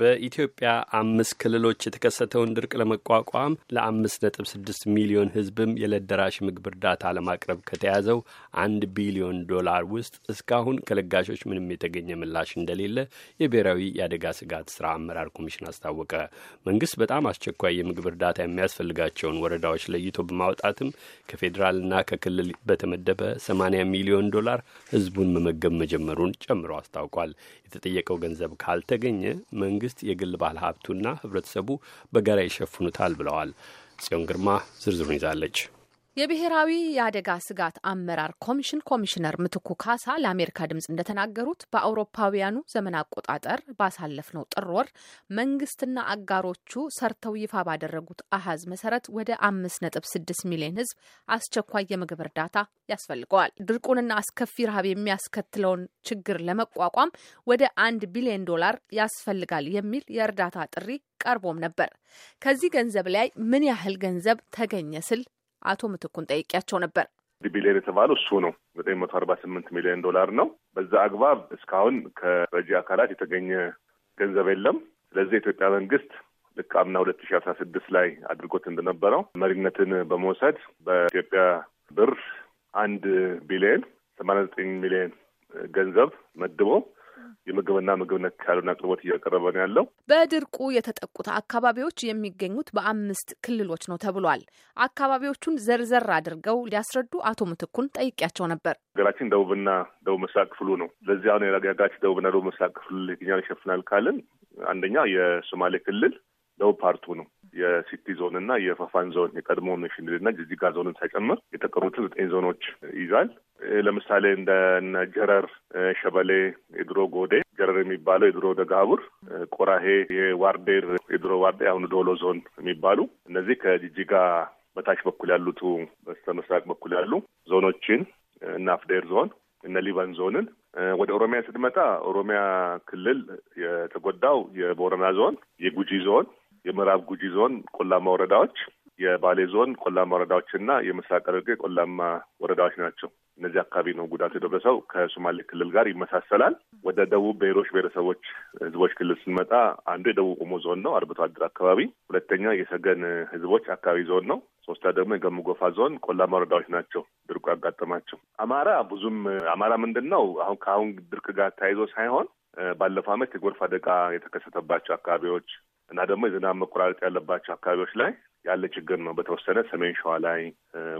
በኢትዮጵያ አምስት ክልሎች የተከሰተውን ድርቅ ለመቋቋም ለአምስት ነጥብ ስድስት ሚሊዮን ህዝብም የለደራሽ ምግብ እርዳታ ለማቅረብ ከተያዘው አንድ ቢሊዮን ዶላር ውስጥ እስካሁን ከለጋሾች ምንም የተገኘ ምላሽ እንደሌለ የብሔራዊ የአደጋ ስጋት ስራ አመራር ኮሚሽን አስታወቀ። መንግስት በጣም አስቸኳይ የምግብ እርዳታ የሚያስፈልጋቸውን ወረዳዎች ለይቶ በማውጣትም ከፌዴራልና ከክልል በተመደበ 80 ሚሊዮን ዶላር ህዝቡን መመገብ መጀመሩን ጨምሮ አስታውቋል። የተጠየቀው ገንዘብ ካልተገኘ መንግስት መንግስት፣ የግል ባለ ሀብቱና ህብረተሰቡ በጋራ ይሸፍኑታል ብለዋል። ጽዮን ግርማ ዝርዝሩን ይዛለች። የብሔራዊ የአደጋ ስጋት አመራር ኮሚሽን ኮሚሽነር ምትኩ ካሳ ለአሜሪካ ድምፅ እንደተናገሩት በአውሮፓውያኑ ዘመን አቆጣጠር ባሳለፍነው ጥር ወር መንግስትና አጋሮቹ ሰርተው ይፋ ባደረጉት አሀዝ መሰረት ወደ አምስት ነጥብ ስድስት ሚሊዮን ህዝብ አስቸኳይ የምግብ እርዳታ ያስፈልገዋል። ድርቁንና አስከፊ ረሃብ የሚያስከትለውን ችግር ለመቋቋም ወደ አንድ ቢሊዮን ዶላር ያስፈልጋል የሚል የእርዳታ ጥሪ ቀርቦም ነበር። ከዚህ ገንዘብ ላይ ምን ያህል ገንዘብ ተገኘ ስል አቶ ምትኩን ጠይቄያቸው ነበር። ቢሊዮን የተባለው እሱ ነው። ዘጠኝ መቶ አርባ ስምንት ሚሊዮን ዶላር ነው። በዛ አግባብ እስካሁን ከረጂ አካላት የተገኘ ገንዘብ የለም። ስለዚህ የኢትዮጵያ መንግስት ልክ አምና ሁለት ሺ አስራ ስድስት ላይ አድርጎት እንደነበረው መሪነትን በመውሰድ በኢትዮጵያ ብር አንድ ቢሊዮን ሰማንያ ዘጠኝ ሚሊዮን ገንዘብ መድቦ የምግብና ምግብ ነክ አቅርቦት እያቀረበ ነው ያለው። በድርቁ የተጠቁት አካባቢዎች የሚገኙት በአምስት ክልሎች ነው ተብሏል። አካባቢዎቹን ዘርዘር አድርገው ሊያስረዱ አቶ ምትኩን ጠይቂያቸው ነበር። ሀገራችን ደቡብና ደቡብ ምስራቅ ክፍሉ ነው። ለዚህ አሁን የሀገራችን ደቡብና ደቡብ ምስራቅ ክፍል የትኛውን ይሸፍናል ካልን አንደኛ የሶማሌ ክልል ደቡብ ፓርቱ ነው። የሲቲ ዞን እና የፈፋን ዞን የቀድሞ ሽንድል እና ጅጅጋ ዞንን ሳይጨምር የተቀሩትን ዘጠኝ ዞኖች ይይዛል። ለምሳሌ እንደ ጀረር፣ ሸበሌ፣ የድሮ ጎዴ ጀረር የሚባለው የድሮ ደጋቡር፣ ቆራሄ፣ የዋርዴር የድሮ ዋርዴ አሁኑ ዶሎ ዞን የሚባሉ እነዚህ ከጅጅጋ በታች በኩል ያሉቱ በስተ ምስራቅ በኩል ያሉ ዞኖችን እና አፍዴር ዞን እነ ሊባን ዞንን ወደ ኦሮሚያ ስትመጣ ኦሮሚያ ክልል የተጎዳው የቦረና ዞን፣ የጉጂ ዞን የምዕራብ ጉጂ ዞን ቆላማ ወረዳዎች፣ የባሌ ዞን ቆላማ ወረዳዎች እና የምስራቅ ሐረርጌ ቆላማ ወረዳዎች ናቸው። እነዚህ አካባቢ ነው ጉዳት የደረሰው። ከሶማሌ ክልል ጋር ይመሳሰላል። ወደ ደቡብ ብሔሮች ብሔረሰቦች ህዝቦች ክልል ስንመጣ አንዱ የደቡብ ኦሞ ዞን ነው፣ አርብቶ አደር አካባቢ። ሁለተኛ የሰገን ህዝቦች አካባቢ ዞን ነው። ሶስታ ደግሞ የገሙ ጎፋ ዞን ቆላማ ወረዳዎች ናቸው ድርቁ ያጋጠማቸው። አማራ ብዙም አማራ ምንድን ነው አሁን ከአሁን ድርቅ ጋር ተያይዞ ሳይሆን ባለፈው ዓመት የጎርፍ አደጋ የተከሰተባቸው አካባቢዎች እና ደግሞ የዝናብ መቆራረጥ ያለባቸው አካባቢዎች ላይ ያለ ችግር ነው። በተወሰነ ሰሜን ሸዋ ላይ፣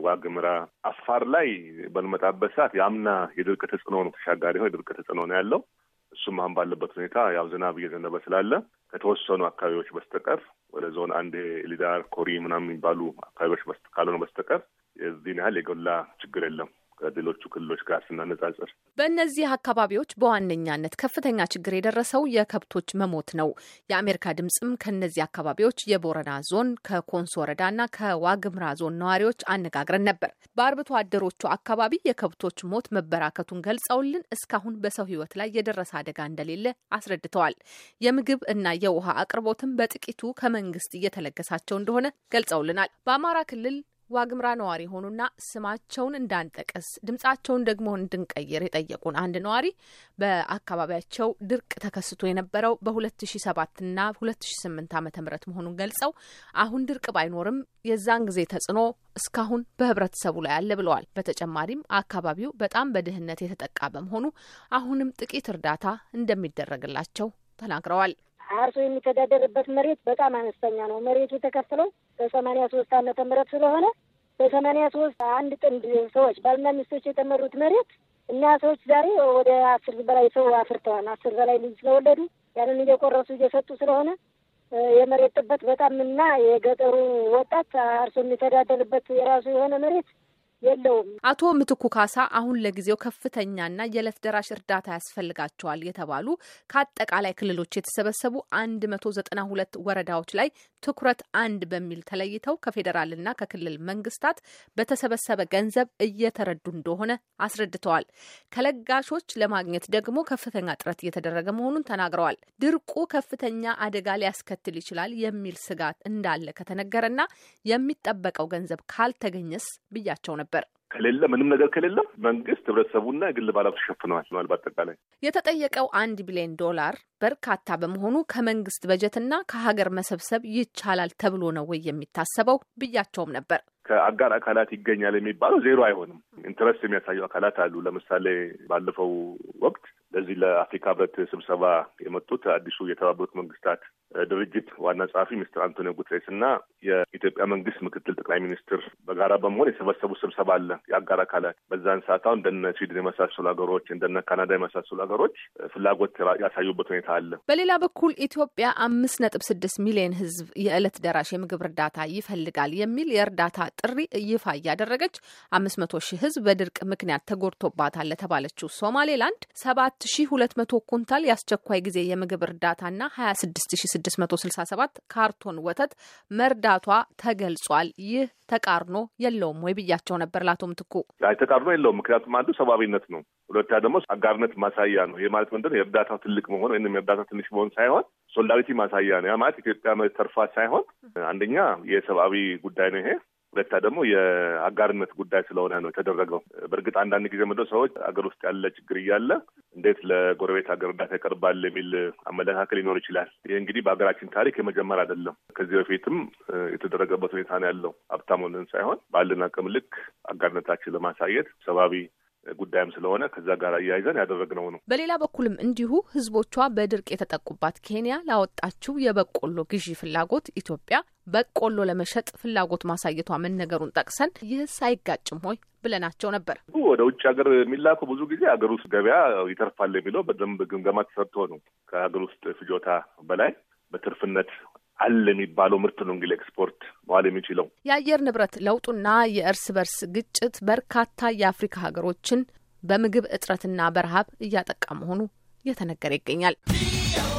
ዋግምራ፣ አፋር ላይ በንመጣበት ሰዓት የአምና የድርቅ ተጽዕኖ ነው ተሻጋሪ ሆ የድርቅ ተጽዕኖ ነው ያለው። እሱም አሁን ባለበት ሁኔታ ያው ዝናብ እየዘነበ ስላለ ከተወሰኑ አካባቢዎች በስተቀር ወደ ዞን አንድ ሊዳር ኮሪ ምናምን የሚባሉ አካባቢዎች ካልሆነ በስተቀር የዚህን ያህል የጎላ ችግር የለም። ከሌሎቹ ክልሎች ጋር ስናነጻጽር በእነዚህ አካባቢዎች በዋነኛነት ከፍተኛ ችግር የደረሰው የከብቶች መሞት ነው። የአሜሪካ ድምፅም ከእነዚህ አካባቢዎች የቦረና ዞን ከኮንሶ ወረዳና ከዋግምራ ዞን ነዋሪዎች አነጋግረን ነበር። በአርብቶ አደሮቹ አካባቢ የከብቶች ሞት መበራከቱን ገልጸውልን እስካሁን በሰው ሕይወት ላይ የደረሰ አደጋ እንደሌለ አስረድተዋል። የምግብ እና የውሃ አቅርቦትም በጥቂቱ ከመንግስት እየተለገሳቸው እንደሆነ ገልጸውልናል። በአማራ ክልል ዋግምራ ነዋሪ የሆኑና ስማቸውን እንዳንጠቀስ ድምጻቸውን ደግሞ እንድንቀይር የጠየቁን አንድ ነዋሪ በአካባቢያቸው ድርቅ ተከስቶ የነበረው በ2007ና 2008 ዓ ም መሆኑን ገልጸው አሁን ድርቅ ባይኖርም የዛን ጊዜ ተጽዕኖ እስካሁን በህብረተሰቡ ላይ አለ ብለዋል። በተጨማሪም አካባቢው በጣም በድህነት የተጠቃ በመሆኑ አሁንም ጥቂት እርዳታ እንደሚደረግላቸው ተናግረዋል። አርሶ የሚተዳደርበት መሬት በጣም አነስተኛ ነው። መሬቱ ተከፍለው በሰማኒያ ሶስት አመተ ምህረት ስለሆነ በሰማኒያ ሶስት አንድ ጥንድ ሰዎች ባልና ሚስቶች የተመሩት መሬት እና ሰዎች ዛሬ ወደ አስር በላይ ሰው አፍርተዋል። አስር በላይ ልጅ ስለወለዱ ያንን እየቆረሱ እየሰጡ ስለሆነ የመሬት ጥበት በጣም እና የገጠሩ ወጣት አርሶ የሚተዳደርበት የራሱ የሆነ መሬት የለውም። አቶ ምትኩ ካሳ አሁን ለጊዜው ከፍተኛና የዕለት ደራሽ እርዳታ ያስፈልጋቸዋል የተባሉ ከአጠቃላይ ክልሎች የተሰበሰቡ አንድ መቶ ዘጠና ሁለት ወረዳዎች ላይ ትኩረት አንድ በሚል ተለይተው ከፌዴራልና ከክልል መንግስታት በተሰበሰበ ገንዘብ እየተረዱ እንደሆነ አስረድተዋል። ከለጋሾች ለማግኘት ደግሞ ከፍተኛ ጥረት እየተደረገ መሆኑን ተናግረዋል። ድርቁ ከፍተኛ አደጋ ሊያስከትል ይችላል የሚል ስጋት እንዳለ ከተነገረና የሚጠበቀው ገንዘብ ካልተገኘስ ብያቸው ነበር። ነበር። ከሌለ ምንም ነገር ከሌለም መንግስት ህብረተሰቡና የግል ባላት ተሸፍነዋል ነዋል። በአጠቃላይ የተጠየቀው አንድ ቢሊዮን ዶላር በርካታ በመሆኑ ከመንግስት በጀትና ከሀገር መሰብሰብ ይቻላል ተብሎ ነው ወይ የሚታሰበው ብያቸውም ነበር። ከአጋር አካላት ይገኛል የሚባለው ዜሮ አይሆንም። ኢንትረስት የሚያሳዩ አካላት አሉ። ለምሳሌ ባለፈው ወቅት ለዚህ ለአፍሪካ ህብረት ስብሰባ የመጡት አዲሱ የተባበሩት መንግስታት ድርጅት ዋና ጸሐፊ ሚስትር አንቶኒዮ ጉትሬስ እና የኢትዮጵያ መንግስት ምክትል ጠቅላይ ሚኒስትር በጋራ በመሆን የሰበሰቡ ስብሰባ አለ የአጋር አካላት በዛን ሰዓት አሁን እንደነ ስዊድን የመሳሰሉ ሀገሮች እንደነ ካናዳ የመሳሰሉ ሀገሮች ፍላጎት ያሳዩበት ሁኔታ አለ። በሌላ በኩል ኢትዮጵያ አምስት ነጥብ ስድስት ሚሊዮን ህዝብ የዕለት ደራሽ የምግብ እርዳታ ይፈልጋል የሚል የእርዳታ ጥሪ ይፋ እያደረገች አምስት መቶ ሺህ ህዝብ በድርቅ ምክንያት ተጎድቶባታል ለተባለችው ሶማሌላንድ ሰባት 4200 ኩንታል የአስቸኳይ ጊዜ የምግብ እርዳታና 26667 ካርቶን ወተት መርዳቷ ተገልጿል። ይህ ተቃርኖ የለውም ወይ ብያቸው ነበር ለአቶ ምትኩ። አይ ተቃርኖ የለውም። ምክንያቱም አንዱ ሰብአዊነት ነው፣ ሁለታ ደግሞ አጋርነት ማሳያ ነው። ይህ ማለት ምንድን የእርዳታው ትልቅ መሆን ወይም የእርዳታው ትንሽ መሆን ሳይሆን ሶሊዳሪቲ ማሳያ ነው። ያ ማለት ኢትዮጵያ ተርፋ ሳይሆን አንደኛ የሰብአዊ ጉዳይ ነው ይሄ ሁለታ ደግሞ የአጋርነት ጉዳይ ስለሆነ ነው የተደረገው። በእርግጥ አንዳንድ ጊዜ ምንድን ነው ሰዎች አገር ውስጥ ያለ ችግር እያለ እንዴት ለጎረቤት ሀገር እርዳታ ይቀርባል የሚል አመለካከል ሊኖር ይችላል። ይህ እንግዲህ በሀገራችን ታሪክ የመጀመር አይደለም። ከዚህ በፊትም የተደረገበት ሁኔታ ነው ያለው። ሀብታም ሳይሆን ባለን አቅም ልክ አጋርነታችን ለማሳየት ሰብአዊ ጉዳይም ስለሆነ ከዛ ጋር አያይዘን ያደረግነው ነው። በሌላ በኩልም እንዲሁ ህዝቦቿ በድርቅ የተጠቁባት ኬንያ ላወጣችው የበቆሎ ግዢ ፍላጎት ኢትዮጵያ በቆሎ ለመሸጥ ፍላጎት ማሳየቷ መነገሩን ጠቅሰን ይህስ አይጋጭም ሆይ ብለናቸው ነበር። ወደ ውጭ ሀገር የሚላከው ብዙ ጊዜ ሀገር ውስጥ ገበያ ይተርፋል የሚለው በደንብ ግምገማ ተሰርቶ ነው ከሀገር ውስጥ ፍጆታ በላይ በትርፍነት አለ የሚባለው ምርት ነው እንግዲህ ኤክስፖርት መዋል የሚችለው። የአየር ንብረት ለውጡና የእርስ በርስ ግጭት በርካታ የአፍሪካ ሀገሮችን በምግብ እጥረትና በረሀብ እያጠቃ መሆኑ እየተነገረ ይገኛል።